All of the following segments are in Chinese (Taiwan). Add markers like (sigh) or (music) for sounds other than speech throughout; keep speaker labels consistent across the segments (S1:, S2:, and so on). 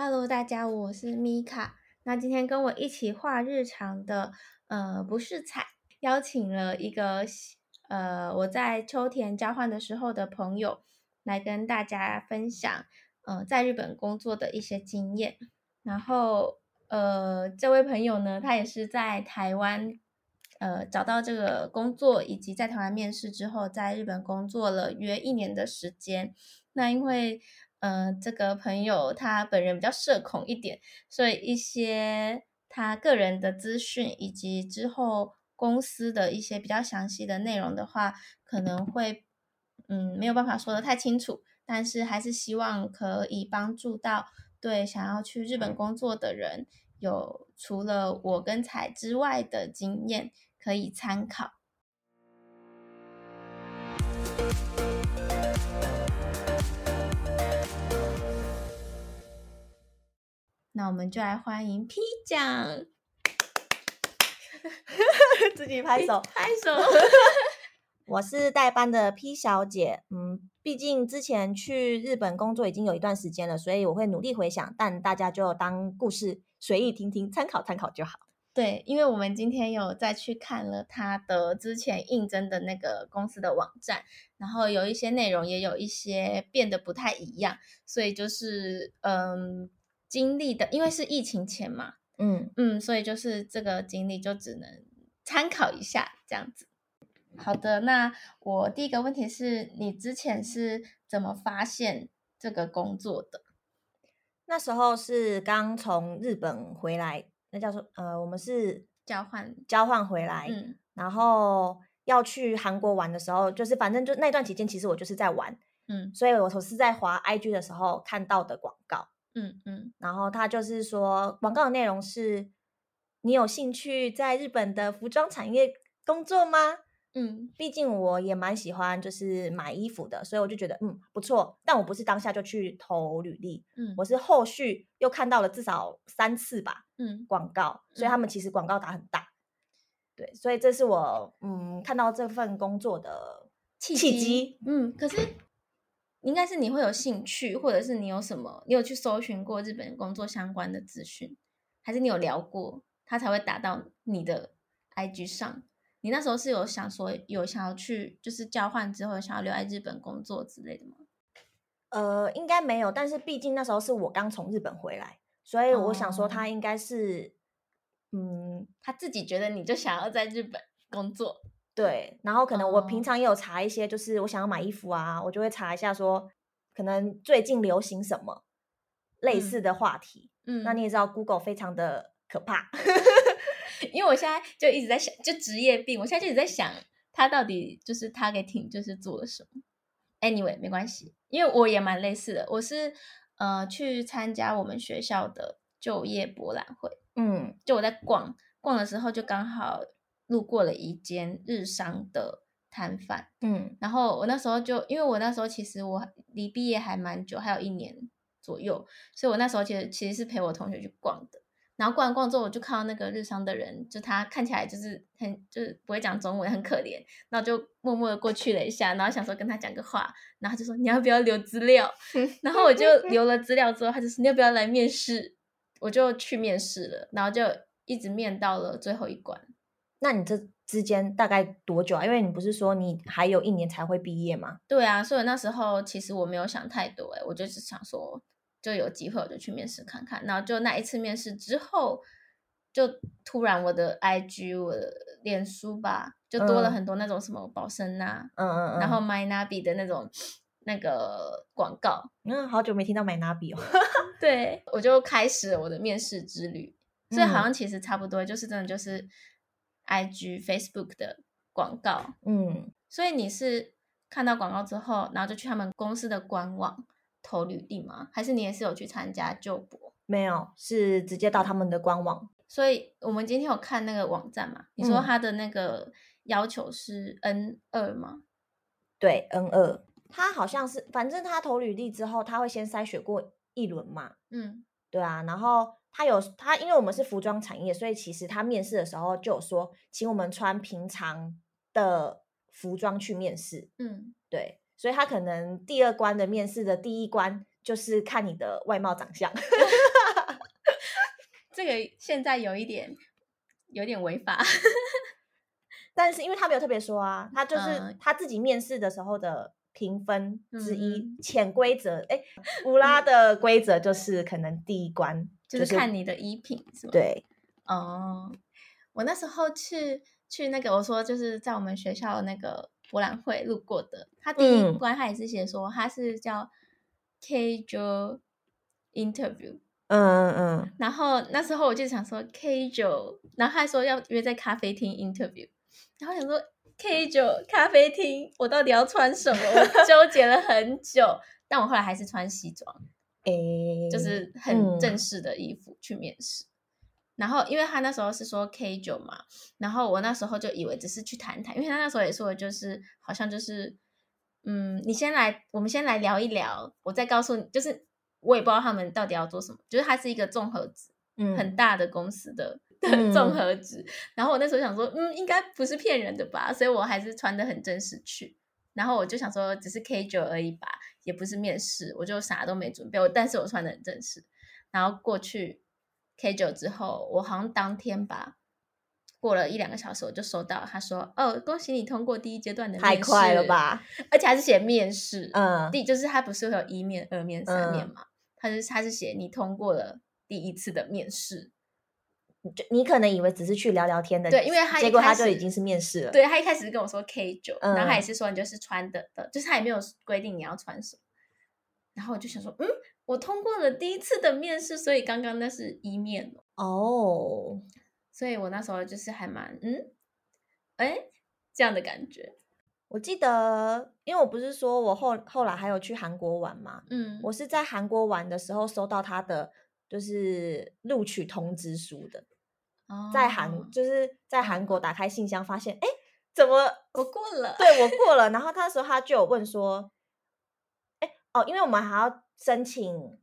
S1: Hello，大家，我是米卡。那今天跟我一起話日常的，呃，不是 Tsai，邀請了一個，呃，我在秋田交換的時候的朋友來跟大家分享，呃，在日本工作的一些經驗。然後，呃，這位朋友呢，他也是在台灣，呃，找到這個工作，以及在台灣面試之後，在日本工作了約一年的時間。那因為嗯、呃，這個朋友他本人比較社恐一點，所以一些他個人的資訊以及之後公司的一些比較詳細的內容的話，可能會嗯沒有辦法說得太清楚，但是還是希望可以幫助到對想要去日本工作的人，有除了我跟采之外的經驗可以參考。 (noise) 那我們就來歡迎 P 醬。
S2: (laughs) 自己、P、拍手拍手。我是代班的 P 小姐，嗯，畢竟之前去日本工作已經有一段時間了，所以我會努力回想，但大家就當故事隨意聽聽，參考參考就好。
S1: 對，因為我們今天有再去看了他的之前應徵的那個公司的網站，然後有一些內容也有一些變得不太一樣，所以就是嗯。經歷的，因為是疫情前嘛，嗯嗯，所以就是這個經歷就只能參考一下這樣子。好的，那我第一個問題是你之前是怎麼發現這個工作的？那時候
S2: 是剛從日本回來，那叫做呃，我們是交換交換回來，嗯，然後要去韓國玩的時候，就是反正就那段期間，其實我就是在玩，嗯，所以我我是在滑 IG 的時候看到的廣告。嗯嗯，然後他就是說，廣告的內容是，你有興趣在日本的服裝產業工作嗎？嗯，畢竟我也蠻喜歡就是買衣服的，所以我就覺得嗯不錯。但我不是當下就去投履歷，嗯，我是後續又看到了至少三次吧，嗯，廣告，所以他們其實廣告打很大，嗯，對，所以這是我嗯看到這份工作的契機，
S1: 嗯，可是。應該是你會有興趣，或者是你有什麼，你有去搜尋過日本工作相關的資訊，還是你有聊過他才會打到你的 IG 上？你那時候是有想說有想要去，就是交換之後想要留在日本工作之類的嗎？呃，應該沒有，但是畢竟那時候是
S2: 我剛從日本回來，所以我想說他應該是、哦嗯，嗯，
S1: 他自己覺得你就想要在日本工作。
S2: 對，然後可能我平常也有查一些，就是我想要買衣服啊，oh. 我就會查一下說，可能最近流行什麼
S1: 類似的話題。嗯，嗯那你也知道，Google 非常的可怕， (laughs) 因為我現在就一直在想，就職業病，我現在就一直在想，他到底就是 i 給挺就是做了什麼。Anyway，沒關係，因為我也蠻類似的，我是呃去參加我們學校的就業博覽會，嗯，就我在逛逛的時候，就剛好。路過了一間日商的攤販，嗯，然後我那時候就，因為我那時候其實我離畢業還蠻久，還有一年左右，所以我那時候其實其實是陪我同學去逛的。然後逛完逛之後，我就看到那個日商的人，就他看起來就是很就是不會講中文，很可憐。然後就默默的過去了一下，然後想說跟他講個話，然後就說你要不要留資料？然後我就留了資料之後，他就是你要不要來面試？我就去面試了，然後就一直面到了最後一關。
S2: 那你這之間大概多久啊？因為你不是說你還有一年才會畢業嗎？
S1: 對啊，所以那時候其實我沒有想太多，欸，我就是想說就有機會我就去面試看看。然後就那一次面試之後，就突然我的 IG 我的臉書吧，就多了很多那種什麼保生吶，啊，嗯嗯，嗯，然後 MyNabi 的那種那個廣告，嗯，好久沒聽到 MyNabi 哦。 (laughs) 對，我就開始了我的面試之旅。所以好像其實差不多，就是真的就是。iG Facebook 的廣告，嗯，所以你是看到廣告之後，然後就去他們公司的官網投履歷嗎？還是你也是有去參加就博？沒有，
S2: 是直接到他們的官網。
S1: 所以我們今天有看那個網站嘛？你說他的那個要求是 N 二嗎？嗯、
S2: 對，N 二。他好像是，反正他投履歷之後，他會先篩選過一輪嘛。嗯，對啊，然後。他有他，因為我們是服裝產業，所以其實他面試的時候就有說，請我們穿平常的服裝去面試。嗯，對，所以他可能第二關的面試的第一關就是看你的外貌長相。 (laughs) 這個現在有一點有一點違法，但是因為他沒有特別說啊，他就是他自己面試的時候的評分之一，嗯、潛規則。哎，烏拉的規則就是可能第一關，就是看你
S1: 的衣品，
S2: 是
S1: 嗎？就是、對，哦、嗯，我那時候去去那個，我說就是在我們學校那個博覽會路過的，他第一關他也是寫說他、嗯、是叫 casual interview，嗯嗯嗯，然後那時候我就想說 casual，然後還說要約在咖啡廳 interview，然後想說 casual 咖啡廳，我到底要穿什麼？我糾結了很久， (laughs) 但我後來還是穿西裝。就是很正式的衣服去面試，嗯，然後因為他那時候是說 K 九嘛，然後我那時候就以為只是去談談，因為他那時候也說的就是好像就是，嗯，你先來，我們先來聊一聊，我再告訴你，就是我也不知道他們到底要做什麼，就是它是一個綜合職，嗯，很大的公司的的、嗯、綜合職，然後我那時候想說，嗯，應該不是騙人的吧，所以我還是穿得很正式去。然後我就想說，只是 K 九而已吧，也不是面試，我就啥都沒準備。我但是我穿的很正式。然後過去 K 九之後，我好像當天吧，過了一兩個小時，我就收到他說：“哦，恭喜你通過第一階段的面試。”太快了吧！而且還是寫面試。嗯，第就是他不是會有一面、二面、三面嘛，嗯、他是他是寫你通過了第一次的面試。
S2: 就你可能以為只是去聊聊天的，對，因為他結果他就已經是面試了。對他一
S1: 開始是跟我說 K 九、嗯，然後他也是說你就是穿的的，就是他也沒有規定你要穿什麼。然後我就想說，嗯，我通過了第一次的面試，所以剛剛那是一面哦。哦、oh.，所以我那時候就是還蠻嗯，哎這樣的感覺。我記得，
S2: 因為我不是說我後後來還有去韓國玩嘛，嗯，我是在韓國玩的時候收到他的。就是錄取通知書的，oh. 在韓就是在韓國打開信箱，發現哎、欸，怎麼
S1: 我過了？對，我
S2: 過了。然後那時候他就有問說，哎、 (laughs) 欸、哦，因為我們還要申請，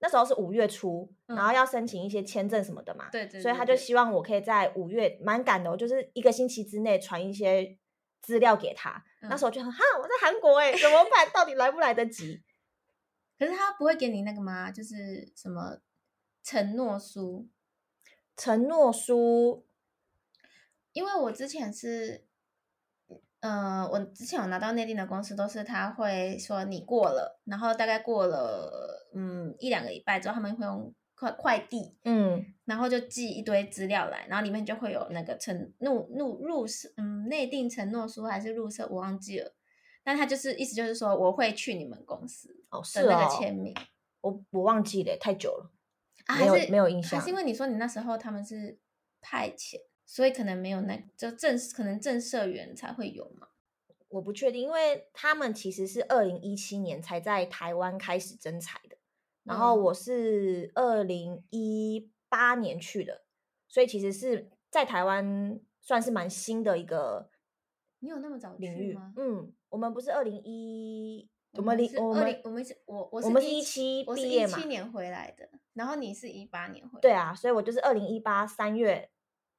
S2: 那時候是五月初、嗯，然後要申請一些簽證什麼的嘛。對，對，對，對，對，所以他就希望我可以在五月，蠻趕的，我就是一個星期之內傳一些資料給他、嗯。那時候就很哈，我
S1: 在韓國哎、欸，怎麼辦？ (laughs) 到底來不來得及？可是他不會給你那個嗎？就是什麼？承諾書，承諾書，因為我之前是，嗯、呃、我之前有拿到內定的公司都是他會說你過了，然後大概過了嗯一兩個禮拜之後，他們會用快快遞嗯，嗯，然後就寄一堆資料來，然後裡面就會有那個承諾錄入社嗯內定承諾書還是入社，我忘記了，但他就是意思就是說我會去你們公司哦，是那個簽名，哦、我我忘記了太久了。啊、還是沒有印象，還是因為你說你那時候他們是派遣，所以可能沒有那，就正可能正社員才會有嘛。我不確定，因為
S2: 他們其實是二零一七年才在台灣開始徵才的，
S1: 然後我
S2: 是二零一八年去的，嗯，所以其實是在台灣算是蠻新的一個
S1: 領域。你有那麼早去嗎？嗯，我們不
S2: 是二零一。我們離我們我們我
S1: 我是我們是一七畢業嘛，一七年回來的，然後你是一八年回來，對
S2: 啊，所以我就是二零一八三月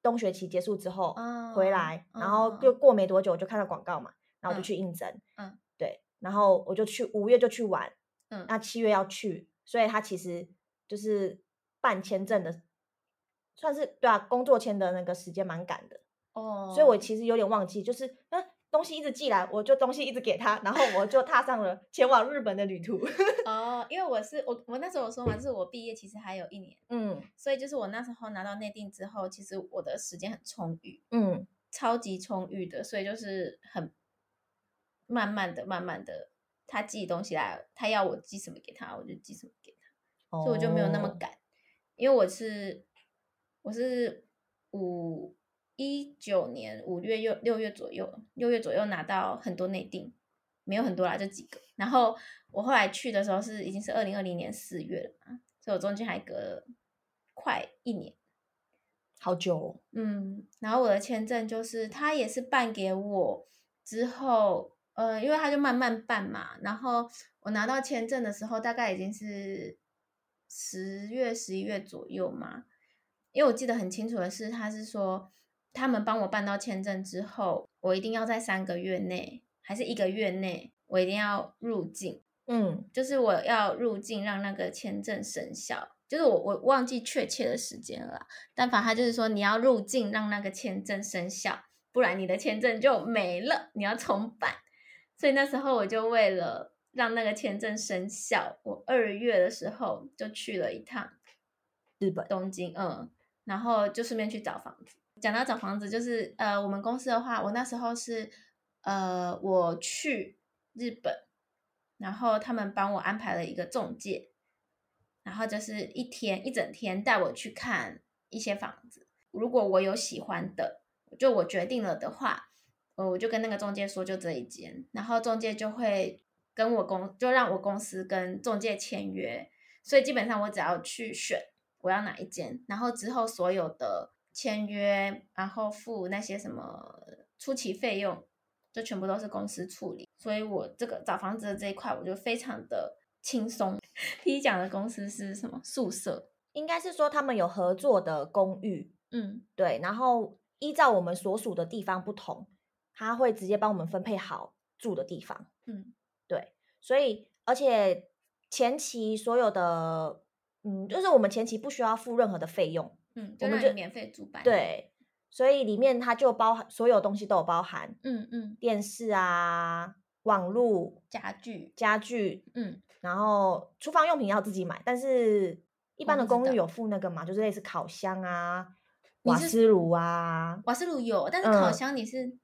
S2: 冬學期結束之後回來，嗯嗯、然後就過沒多久我就看到廣告嘛，然後我就去應徵、嗯。嗯，對，然後我就去五月就去玩，嗯，那七月要去，所以他其實就是辦簽證的，算是對啊，工作簽的那個時間蠻趕的哦、嗯，所以我其實有點忘記，就是嗯。啊東西一直寄來，我就東西一直給他，然後我就踏上了前往日本的旅途。
S1: (laughs) 哦，因為我是我我那時候我說嘛，就是我畢業，其實還有一年，嗯，所以就是我那時候拿到內定之後，其實我的時間很充裕，嗯，超級充裕的，所以就是很慢慢的，慢慢的，他寄東西來，他要我寄什麼給他，我就寄什麼給他，哦，所以我就沒有那麼趕，因為我是我是五。一九年五月又六月左右，六月左右拿到很多內定，沒有很多啦，就幾個。然後我後來去的時候是已經是二零二零年四月了嘛，所以我中間還隔了快一年，
S2: 好久哦。
S1: 嗯，然後我的簽證就是他也是辦給我之後，呃，因為他就慢慢辦嘛。然後我拿到簽證的時候，大概已經是十月、十一月左右嘛，因為我記得很清楚的是，他是說。他們幫我辦到簽證之後，我一定要在三個月內還是一個月內，我一定要入境。嗯，就是我要入境讓那個簽證生效，就是我我忘記確切的時間了，但反正他就是說你要入境讓那個簽證生效，不然你的簽證就沒了，你要重辦。所以那時候我就為了讓那個簽證生效，我二月的時候就去了一趟日本東京，嗯，然後就順便去找房子。講到找房子，就是呃，我們公司的話，我那時候是呃，我去日本，然後他們幫我安排了一個中介，然後就是一天一整天帶我去看一些房子。如果我有喜歡的，就我決定了的話，呃，我就跟那個中介說，就這一間，然後中介就會跟我公就讓我公司跟中介簽約。所以基本上我只要去選我要哪一間，然後之後所有的。簽約，然後付那些什麼初期費用，就全部都是公司處理，所以我這個找房子的這一塊，我就非常的輕鬆。 (laughs) 第一講的公司是什麼宿舍？應該是說他們有合作的公寓。嗯，對。然後
S2: 依照我們所屬的地方不同，他會直接幫我們分配好住的地方。嗯，對。所以而且前期所有的，嗯，就是我們前期不需要付任何的費用。
S1: 嗯，我們就免費住。對，
S2: 所以裡面它就包含所有東西都有包含。嗯
S1: 嗯。
S2: 電視啊，網絡，家具，家具。嗯。然後廚房用品要自己買，但是一般的公寓有附那個嘛，就是類似烤箱啊、
S1: 瓦斯
S2: 爐啊。
S1: 瓦斯爐有，但是烤箱你是、嗯、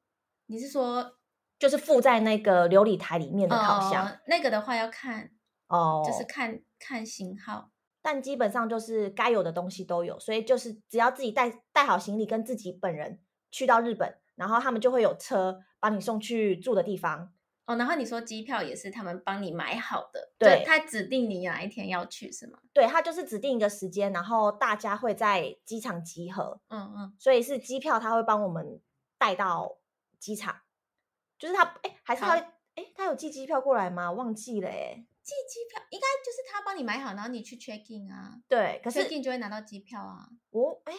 S1: 你是說，
S2: 就是附在那個琉璃台裡面的烤箱？
S1: 哦、那個的話要看哦，就是看看型號。
S2: 但基本上就是該有的東西都有，所以就是只要自己帶帶好行李，跟自己本人
S1: 去到日本，然後他們就會有車幫你送去住的地方。哦，然後你說機票也是他們幫你買好的，對，他指定你哪一天要去是嗎？
S2: 對，他就是指定一個時間，然後大家會在機場集合。嗯嗯，所以是機票他會幫我們帶到機場，就是他誒，還是他誒，他有寄機票過來嗎？忘記了誒、欸。
S1: 寄機票應該就是他幫你買好，然後你去 check in 啊。
S2: 對，可是 check in
S1: 就會拿到機票啊。我，哎，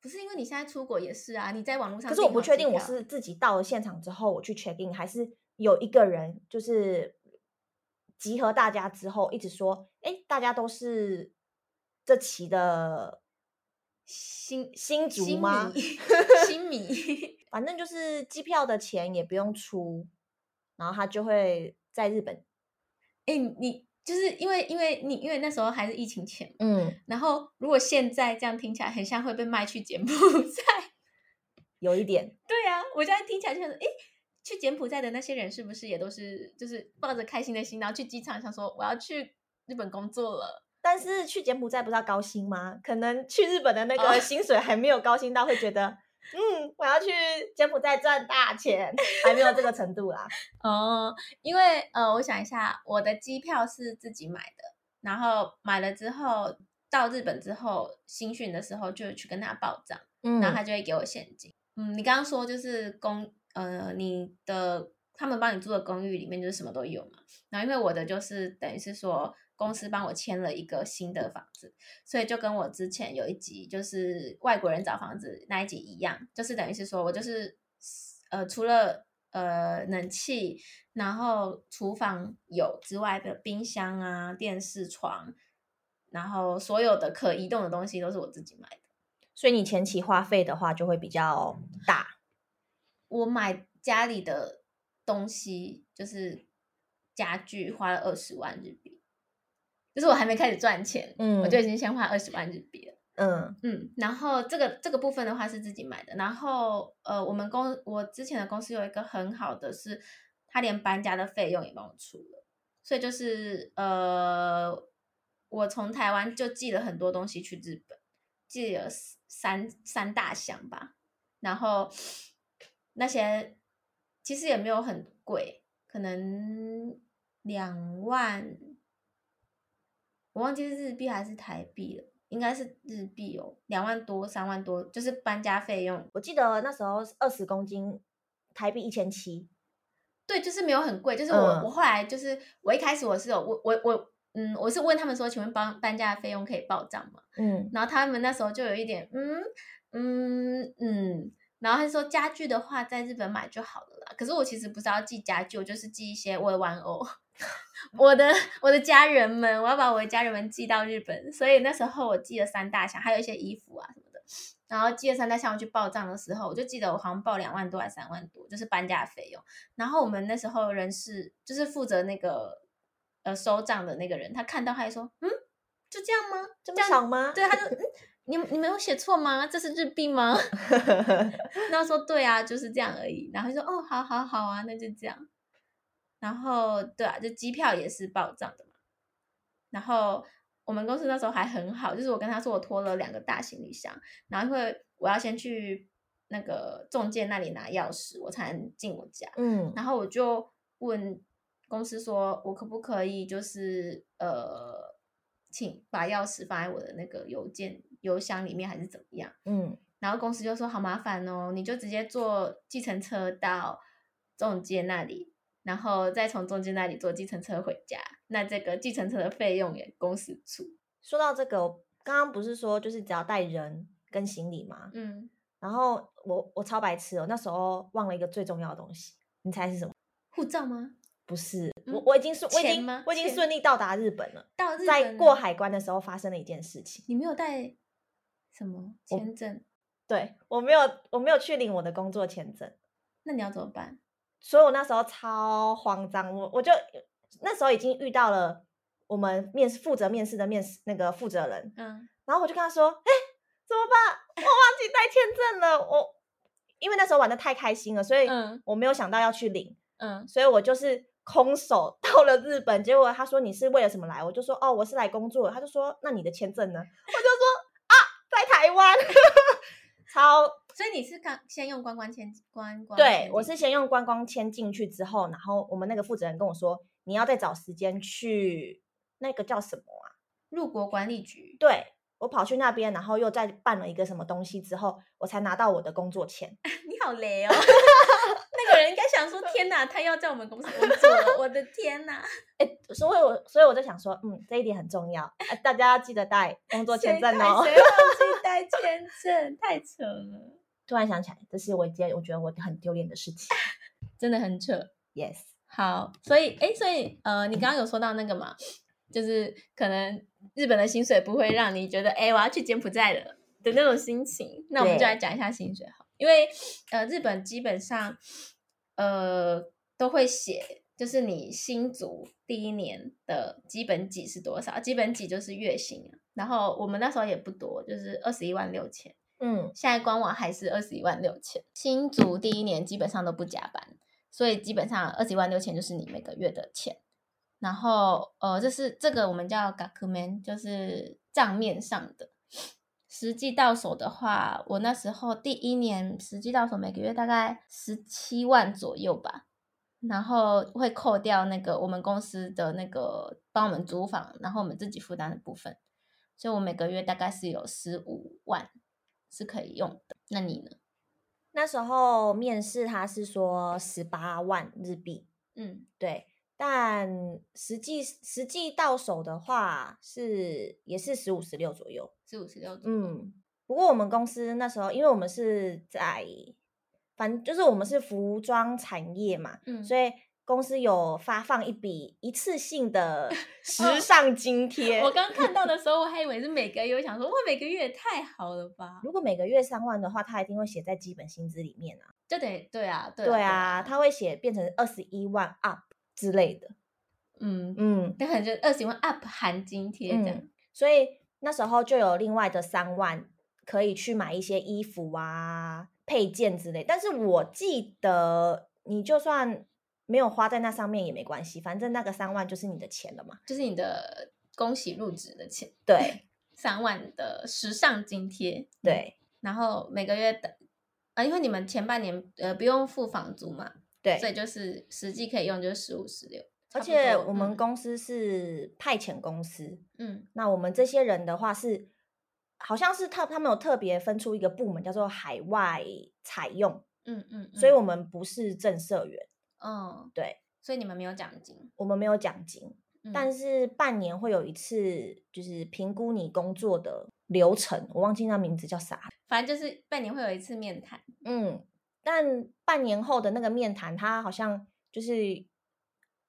S1: 不是因為你現在出國也是啊？你在網絡上，可是我不確定我是
S2: 自己到了現場之後我去 check in，還是有一個人就是集合大家之後一直說，哎，大家都是這期的新新族嗎？新米。新米 (laughs) 反正就是機票的錢也不用出，然後他就
S1: 會在日本。哎，你就是因為因為你因為那時候還是疫情前，嗯，然後如果現在這樣聽起來，很像會被賣去柬埔寨，有一點。對呀、啊，我現在聽起來就是，哎，去柬埔寨的那些人是不是也都是就是抱着開心的心，然後去機場想說我要去日本工作了。但是去柬埔寨不是要高薪嗎？可能去日本的那個薪水
S2: 還沒有高薪到 (laughs) 會覺得。
S1: 嗯，我要去柬埔寨賺大錢，還沒有這個程度啦。 (laughs) 哦，因為呃，我想一下，我的機票是自己買的，然後買了之後到日本之後，新訓的時候就去跟他報賬，嗯，然後他就會給我現金。嗯，你剛剛說就是公呃，你的他們幫你住的公寓裡面就是什麼都有嘛？然後因為我的就是等於是說。公司幫我簽了一個新的房子，所以就跟我之前有一集就是外國人找房子那一集一樣，就是等於是說我就是呃，除了呃冷氣，然後廚房有之外的冰箱啊、電視、床，然後所有的可移動的東西都是我自己買的，所以你前期花費的話就會比較大。嗯、我買家裡的東西就是家具花了二十萬日幣。就是我還沒開始賺錢，嗯，我就已經先花二十萬日幣了，嗯嗯。然後這個這個部分的話是自己買的，然後呃，我們公我之前的公司有一個很好的是，他連搬家的費用也幫我出了，所以就是呃，我從台灣就寄了很多東西去日本，寄了三三大箱吧，然後那些其實也沒有很貴，可能兩萬。我忘記是日幣還是台幣了，應該是日幣哦，兩萬多、三萬多，就是搬家費用。我記得那時候是二十公斤台幣一千七，對，就是沒有很貴。就是我、嗯、我後來就是我一開始我是有我我我嗯，我是問他們說，請問搬搬家的費用可以報賬嗎？嗯，然後他們那時候就有一點嗯嗯嗯，然後他說家具的話在日本買就好了啦。可是我其實不是要寄家具，我就是寄一些我的玩偶。我的我的家人們，我要把我的家人們寄到日本，所以那時候我寄了三大箱，還有一些衣服啊什麼的。然後寄了三大箱，我去報賬的時候，我就記得我好像報兩萬多還是三萬多，就是搬家的費用。然後我們那時候人事就是負責那個呃收賬的那個人，他看到他還說：“嗯，就這樣嗎？這樣？這麼少嗎？”對，他就嗯， (laughs) 你你沒有寫錯嗎？這是日幣嗎？” (laughs) (laughs) 那我說：“對啊，就是這樣而已。”然後就說：“哦，好好好啊，那就這樣。”然後，對啊，就機票也是暴漲的嘛。然後我們公司那時候還很好，就是我跟他說我拖了兩個大行李箱，然後因為我要先去那個中介那裡拿鑰匙，我才能進我家。嗯，然後我就問公司說，我可不可以就是呃，請把鑰匙放在我的那個郵件郵箱裡面，還是怎麼樣？嗯，然後公司就說好麻煩哦，你就直接坐計程車到中介那裡。然後再從中間那裡坐計程車回家，那這個計程車的費用也公司出。說
S2: 到這個，剛剛不是說就是只要帶人跟行李嗎？嗯，然後我我超白痴哦，我那時候忘了一個最重要的東西，你猜是什麼？
S1: 護照嗎？不是，嗯、我我
S2: 已經順我已經我已經順利到達日本了。到日本了，在過海關的時候發生了一件事情，你沒有帶什麼簽證？我對我沒有，我沒有去領我的工作簽證。
S1: 那你要怎麼辦？所以我那時候超慌
S2: 張，我我就那時候已經遇到了我們面試負責面試的面試那個負責人，嗯，然後我就跟他說，哎、欸，怎麼辦？我忘記帶簽證了，我因為那時候玩得太開心了，所以我沒有想到要去領，嗯，所以我就是空手到了日本，結果他說你是為了什麼來？我就說哦，我是來工作，他就說那你的簽證呢？
S1: 我就說啊，在台灣， (laughs) 超。所以你是剛先用觀光簽，觀光對，我是先用
S2: 觀光簽進去之後，然後我們那個負責人跟我說，你要再找時間去那個叫什麼啊？入國管理局。對，我跑去那邊，然後又再辦了一個什麼東西之後，我才拿到我的工作簽，
S1: 啊。你好雷哦！ (laughs) (laughs) 那個人應該想說， (laughs) 天哪，他要在我們公司工
S2: 作了， (laughs) 我的天哪！哎、欸，所以我所以我就想說，嗯，這一點很重要，大家要記得帶工作簽證哦。誰忘
S1: 記帶簽證？ (laughs) 太扯了。突然想起來，這
S2: 是我一件我覺得我很丟臉的事情，
S1: (laughs) 真的很扯。Yes，好，所以哎，所以呃，你剛剛有說到那個嘛，就是可能日本的薪水不會讓你覺得哎，我要去柬埔寨了的那種心情。那我們就來講一下薪水好，因為呃，日本基本上呃都會寫，就是你新卒第一年的基本給是多少？基本給就是月薪啊。然後我們那時候也不多，就是二十一萬六千。嗯，現在官網還是二十一萬六千，新卒第一年基本上都不加班，所以基本上二十一萬六千就是你每個月的錢。然後，呃，這是這個我們叫額面，就是賬面上的。實際到手的話，我那時候第一年實際到手每個月大概十七萬左右吧。然後會扣掉那個我們公司的那個幫我們租房，然後我們自己負擔的部分。所以我每個月大概是有十五萬。是可以用的。那你呢？
S2: 那時候面試他是說十八萬日幣，嗯，對，但實際實際到手的話是也是十五十六左右，
S1: 十五十六。嗯，
S2: 不過我們公司那時候，因為我們是在，反正就是我們是服裝產業嘛，嗯，所以。公司有發放一筆一次性的時尚津貼、 (laughs) 哦。我剛看到的時候，我還以為是每個月，我想說哇，每
S1: 個月也太好了吧。
S2: 如果每個月三萬的話，他一定會寫在基本薪資裡面啊。
S1: 就得對啊，對啊，
S2: 他、啊啊、會寫變成二十一萬 up 之類的。嗯嗯，但可能就二十一萬 up 含津貼這樣、嗯。所以那時候就有另外的三萬可以去買一些衣服啊、配件之類。但是我記得你就算。沒有花在那上面也沒
S1: 關係，反正那個三萬就是你的錢了嘛，就是你的恭喜入職的錢，對，三萬的時尚津貼，對，嗯、然後每個月的，啊，因為你們前半年呃不用付房租嘛，對，所以就是實際可以用就是十五十六，
S2: 而且我們公司是派遣公司，嗯，
S1: 那我們這些人
S2: 的話是，好像是他他們有特別分出一個部門叫做海外採用，嗯嗯，
S1: 嗯，所以我
S2: 們不是正社員。
S1: 嗯、oh,，對，所以你們沒有獎金，
S2: 我們沒有獎金，嗯，但是半年會有一次，就是評估你工作的流程，我忘記那名字叫啥，
S1: 反正就是半年會有一次面談。
S2: 嗯，但半年後的那個面談，他好像就是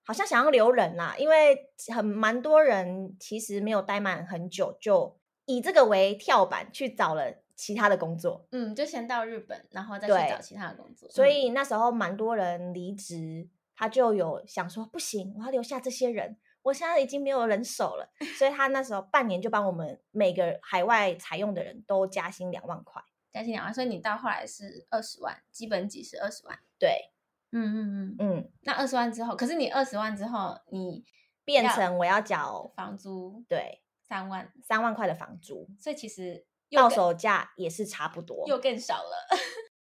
S2: 好像想要留人啦，因為很蠻多人其實沒有待滿很久，就以這個為跳板去找人。其他的工作，
S1: 嗯，就先到日本，然後再去找其他的工作。所以
S2: 那時候蠻多人離職，他就有想說，嗯、不行，我要留下這些人，我現在已經沒有人手了。所以他那時候半年就幫我們每個海外採用的人都加薪兩萬塊，
S1: 加薪兩萬，所以你到後來是二十萬，基本即是二十萬。對，嗯嗯嗯嗯，那二十萬之後，可是你二十萬之後，你變成我要繳房租，對，三萬三
S2: 萬塊的房租，所以其實。到手價也是差不多又，又
S1: 更少了，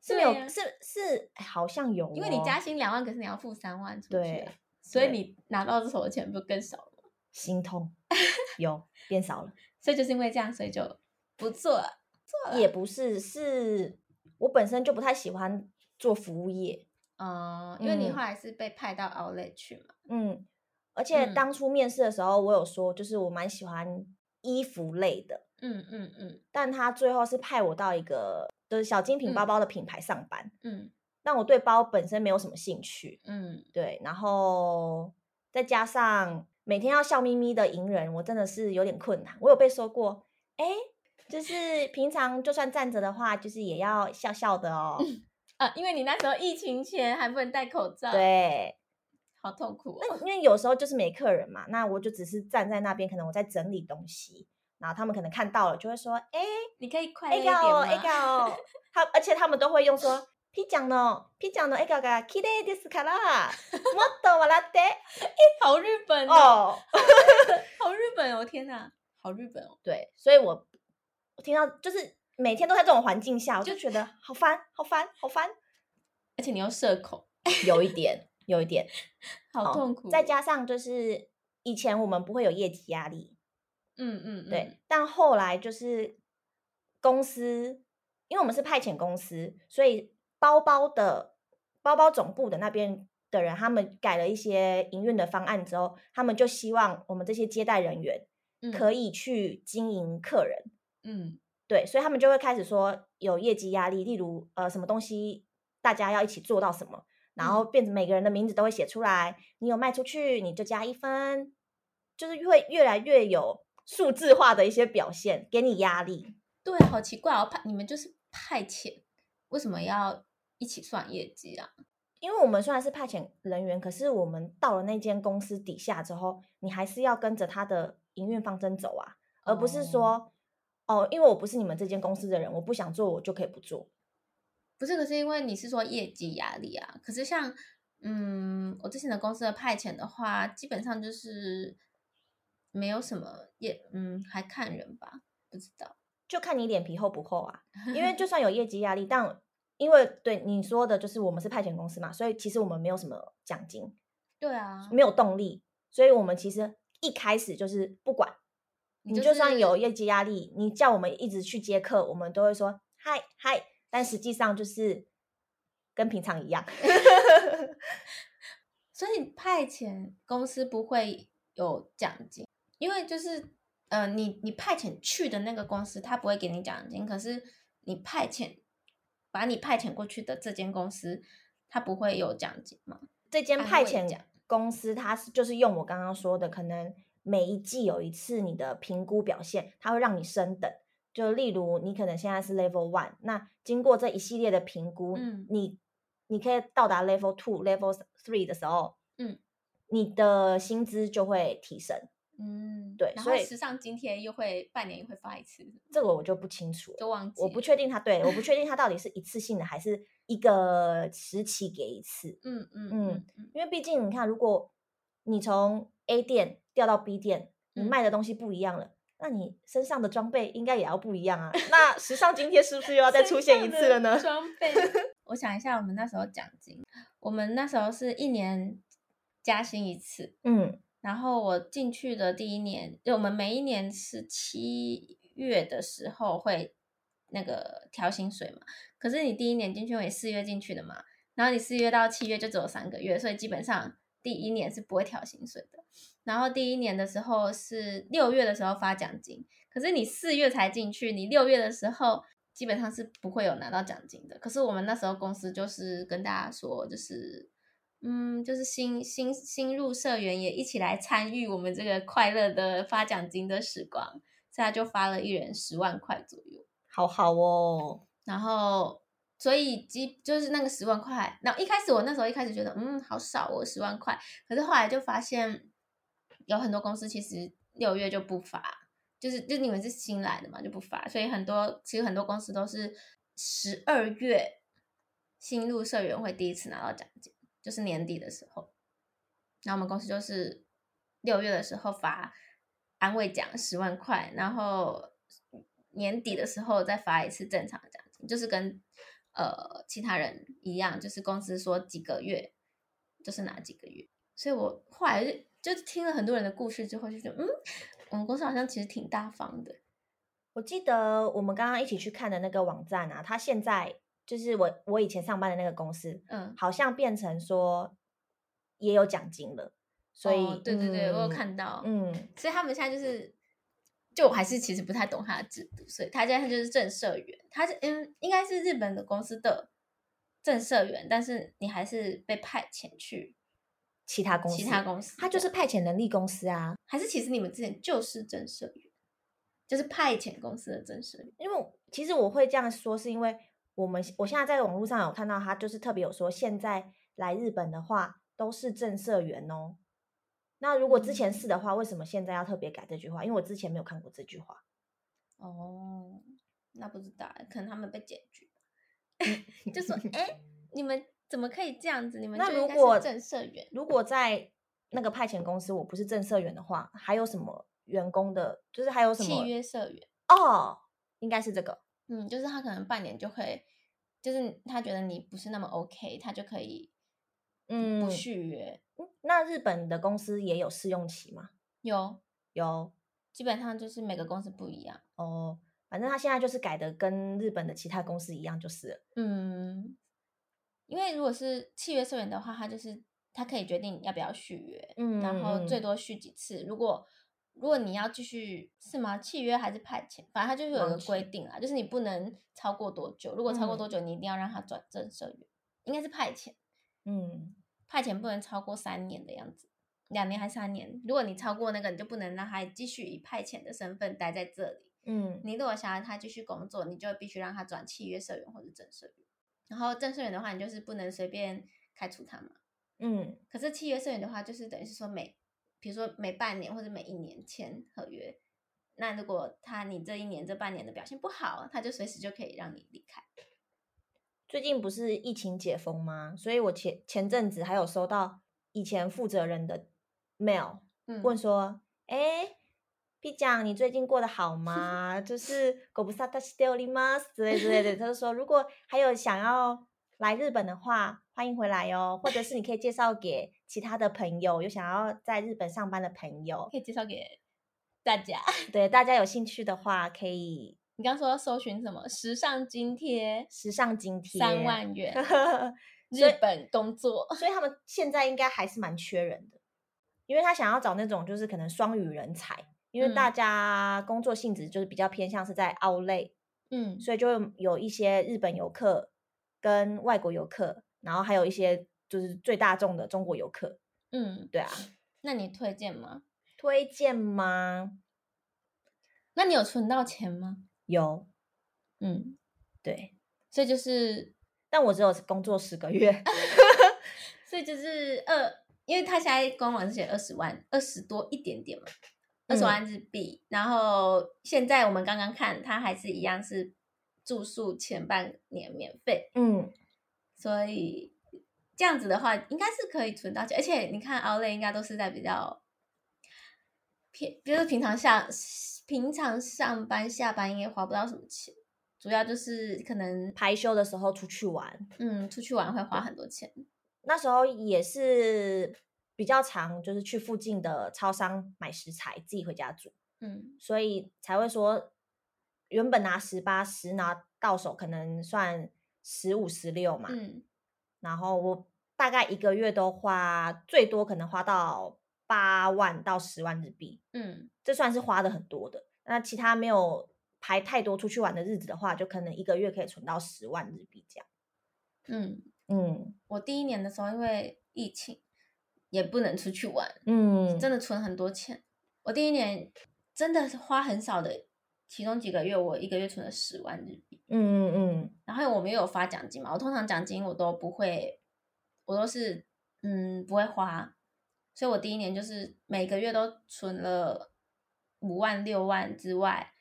S1: 是沒有、 (laughs) 啊、是是，
S2: 是、哎、好像有、哦，因為你加
S1: 薪兩萬，可是你要付三萬出去、啊、對。所以你拿到手的錢不更少了？心痛，
S2: (laughs) 有
S1: 變少了， (laughs) 所以就是因為這樣，所以就不做了，
S2: 做了。也不是，是我本身就不太喜歡做服務業啊、嗯，因為你後
S1: 來是被派到 outlet 去嘛，嗯，
S2: 而且當初面試的時候，我有說就是我蠻喜歡衣服類的。嗯嗯嗯，但他最後是派我到一個就是小精品包包的品牌上班嗯，嗯，但我對包本身沒有什麼興趣，嗯，對，然後再加上每天要笑眯眯的迎人，我真的是有點困難。我有被說過，哎、欸，就是平常就算站着的話，就是也要笑笑的
S1: 哦、嗯，啊，因為你那時候疫情前還不能戴口罩，對，
S2: 好痛苦、哦。那因為有時候就是沒客人嘛，那我就只是站在那邊，可能我在整理東西。然後他們可能看到了，就會說：“
S1: 哎、欸，你可以快一點
S2: 嘛。”哎噶哎，而且他們都會用說 (laughs) ：“P 醬の，P 醬の，笑顔が，きれいですから，もっと笑って，哎，好日本哦，oh, (laughs) 好日本哦，天哪，好日本哦。”對，所以我我聽到就是每天都在這種環境下，我就覺得好煩，好煩，好煩。而且你又社恐， (laughs) 有一點，有一點，好痛苦。Oh, 再加上就是以前我們不會有業績壓力。嗯嗯，對，但後來就是公司，因為我們是派遣公司，所以包包的包包總部的那邊的人，他們改了一些營運的方案之後，他們就希望我們這些接待人員可以去經營客人。嗯，對，所以他們就會開始說有業績壓力，例如呃什麼東西，大家要一起做到什麼，然後變成每個人的名字都會寫出來，你有賣出去你就加一分，就是會越，越來越有。數字化的一些表現給你壓力，
S1: 對，好奇怪，哦，我派你們就是派遣，為什麼要一起算業績啊？
S2: 因為我們雖然是派遣人員，可是我們到了那間公司底下之後，你還是要跟着他的營運方針走啊，而不是說
S1: 哦，哦，因為我不是你們這間公司的人，我不想做，我就可以不做。不是，可是因為你是說業績壓力啊？可是像嗯，我之前的公司的派遣的話，基本上就是。沒有什麼，業，嗯，還看人吧，
S2: 不知道，就看你臉皮厚不厚啊。因為就算有業績壓力，但因為，對你說的就是我們是派遣公司嘛，所以其實我們沒有什麼獎金，
S1: 對啊，沒
S2: 有動力，所以我們其實一開始就是不管你，就
S1: 是，你就算
S2: 有業績壓力，你叫我們一直去接客，我們都會說嗨嗨，但實際上就是跟平常一樣，
S1: (laughs) (laughs) 所以派遣公司不會有獎金。因為就是，呃，你你派遣去的那個公司，他不會給你獎金。可是你派遣把你派遣過去的這間公司，他不會有獎金嘛。這間派遣公司，它
S2: 是就是用我剛剛說的、嗯，可能每一季有一次你的評估表現，他會讓你升等。就例如你可能現在是 level one，那經過這一系列的評估，嗯，你你可以到達 level two、level three 的時候，嗯，你的薪資就會提升。嗯，對，所以時
S1: 尚津貼又會半年又會發一次，
S2: 這個我就不清楚了，就忘記了，我不確定它，對， (laughs) 我不確定它到底是一次性的還是一個時期給一次。嗯嗯嗯，因為畢竟你看，如果你從 A 店調到 B 店，你賣的東西不一樣了，嗯、那你身上的裝備應該也要不一樣啊。 (laughs) 那時尚津貼是不是又要再出現一次了呢？裝
S1: 備， (laughs) 我想一下，我們那時候獎金，我們那時候是一年加薪一次，嗯。然後我進去的第一年，就我們每一年是七月的時候會那個調薪水嘛。可是你第一年進去，我也四月進去的嘛。然後你四月到七月就只有三個月，所以基本上第一年是不會調薪水的。然後第一年的時候是六月的時候發獎金，可是你四月才進去，你六月的時候基本上是不會有拿到獎金的。可是我們那時候公司就是跟大家說，就是。嗯，就是新新新入社員也一起來參與我們這個快樂的發獎金的時光，現在就發了一人十萬塊左右，好好哦。然後，所以即就是那個十萬塊，然後一開始我那時候一開始覺得，嗯，好少哦，十萬塊。可是後來就發現，有很多公司其實六月就不發，就是就你們是新來的嘛，就不發，所以很多其實很多公司都是十二月新入社員會第一次拿到獎金。就是年底的時候，那我們公司就是六月的時候發安慰獎十萬塊，然後年底的時候再發一次正常的獎金，就是跟呃其他人一樣，就是公司說幾個月就是拿幾個月。所以我後來就就聽了很多人的故事之後，就覺得嗯，我們公司好像其實挺大方的。
S2: 我記得我們剛剛一起去看的那個網站啊，它現在。就是我我以前上班的那個公司，嗯，好像變成說也有獎金了，所以、哦、對對對、嗯，我有看
S1: 到，嗯，所以他們現在就是就我還是其實不太懂他的制度，所以他現在就是正社員，他是嗯應該是日本的公司的正社員，但是你還是被派遣去其他
S2: 公司，其他公司，他，公
S1: 司他就是派遣能
S2: 力公司啊，
S1: 還是其實你們之前就是正社員，就是派
S2: 遣公司的正社員，因為其實我會這樣說是因為。我們我現在在網絡上有看到他，就是特別有說，現在來日本的話都是正社員哦。那如果之前是的話，為什麼現在要特別改這句話？因為我之前沒有看過這句話。
S1: 哦，那不知道，可能他們被檢舉。 (laughs) 就說，哎、欸，你們怎麼可以這樣子？你們就是正，那如果正社員，如果在那
S2: 個派遣公司，我不是正社員的話，還有什麼員工的？就是還有什麼契約
S1: 社員？哦、oh，應該是這個。嗯，就是他可能半年就可以，就是他覺得你不是那麼 OK，他就可以，嗯，不續約。嗯，那日本的公司也有試用期嗎？有，有，基本上就是每個公司不一樣。
S2: 哦，反正他現在就是改的跟日本的其他公司一樣，就是。嗯，
S1: 因為如果是契約社員的話，他就是他可以決定要不要續約，嗯，然後最多續幾次。如果如果你要繼續是嗎？契約還是派遣？反正他就是有個規定啊，就是你不能超過多久。如果超過多久，嗯、你一定要讓他轉正社員，應該是派遣。嗯，派遣不能超過三年的樣子，兩年還是三年？如果你超過那個，你就不能讓他繼續以派遣的身份待在這裡。嗯，你如果想要他繼續工作，你就必須讓他轉契約社員或者正社員。然後正社員的話，你就是不能隨便開除他嘛。嗯，可是契約社員的話，就是等於是說每。比如說每半年或者每一年簽合約，那如果他你這一年這半年的表現不好，他就隨時就可以讓你離開。最近不是
S2: 疫情解封嗎？所以我前前陣子還有收到以前負責人的 mail，問說：“誒、嗯欸，P 醬，你最近過得好嗎？就是‘ご無沙汰しております？’之類之類的。”他就說：“如果還有想要來日本的話，歡迎回來喲、哦，或者是你可以介紹給。”其他的朋友，有想要在日本上班的朋友，可以介紹給大家。對大家有興趣的話，可以。 (laughs) 你剛
S1: 剛說要搜尋什麼？時尚津貼？時尚津貼三萬元？ (laughs) 日本工作。所以，所以他們現在應該還是蠻缺人的，
S2: 因為他想要找那種就是可能雙語人才，因為大家工作性質就是比較偏向是在 outlet，嗯，所以就有一些日本遊客跟外國遊客，然後還有一些。就是最大眾的中國遊客，嗯，對啊，
S1: 那你推薦嗎？推薦嗎？那你有存到錢嗎？
S2: 有，嗯，對，
S1: 所以就是，但我只有工作十個月， (laughs) (laughs) 所以就是二、呃，因為他現在官網是寫二十萬，二十多一點點嘛，
S2: 二十萬日
S1: 幣、嗯。然後現在我們剛剛看，他還是一樣是住宿前半年免費，嗯，所以。這樣子的話，應該是可以存到錢，而且你看，Outlet 應該都是在比較平，就是平常下平常上班下班應該花不到什麼錢，主要就是可能排休的時候出去玩，嗯，出去玩會花很多錢。
S2: 那時候也是比較常，就是去附近的超商買食材，自己回家煮，嗯，所以才會說原本拿十八十拿到手，可能算十五十六嘛，嗯。然後我大概一個月都花最多，可能花到八萬到十萬日幣。嗯，這算是花的很多的。那其他沒有排太多出去玩的日子的話，就可能一個月可以存到十萬日幣這樣。嗯
S1: 嗯，我第一年的時候因為疫情也不能出去玩，
S2: 嗯，真
S1: 的存很多錢。我第一年真的是花很少的。其中幾個月，我一個月存了十萬日幣。嗯嗯嗯。然後我們又有發獎金嘛，我通常獎金我都不會，我都是嗯不會花，所以我第一年就是每個月都存了五萬、六萬之外，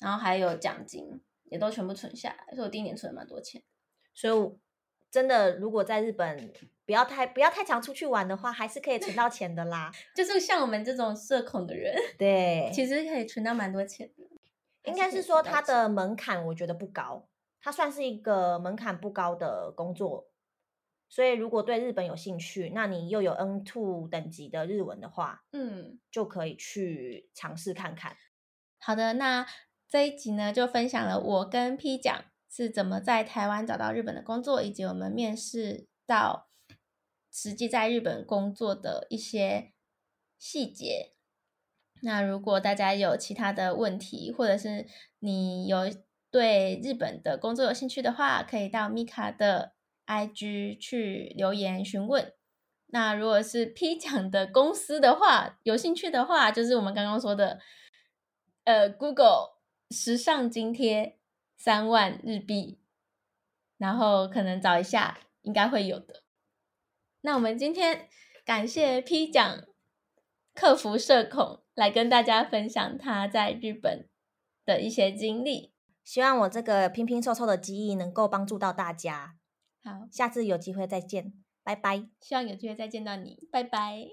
S1: 然後還有獎金也都全部存下來，所以我第一年存了蠻多錢。所以
S2: 真的，如果在日本不要太不要太常出去玩的話，還是可以存到錢的啦。 (laughs) 就是像我們這種社恐的人，
S1: (laughs) 對，其實可以存到蠻多錢。
S2: 應該是說它的門檻我覺得不高，它算是一個門檻不高的工作，所以如果對日本有興趣，那你又有 N2 等級的日文的話，
S1: 嗯，
S2: 就可以去嘗試看看。
S1: 好的，那這一集呢就分享了我跟 P 醬是怎麼在台灣找到日本的工作，以及我們面試到實際在日本工作的一些細節。那如果大家有其他的問題，或者是你有對日本的工作有興趣的話，可以到 Mika 的 IG 去留言詢問。那如果是 P 醬的公司的話，有興趣的話，就是我們剛剛說的，呃，Google 時尚津貼三萬日幣，然後可能找一下，應該會有的。那我們今天感謝 P 醬。克服社恐，來跟大家分享他在日本的一
S2: 些經歷。希望我這個拼拼湊湊的記憶能夠幫助到大家。好，下次有機會再見，拜拜。希望有機會再見到你，拜拜。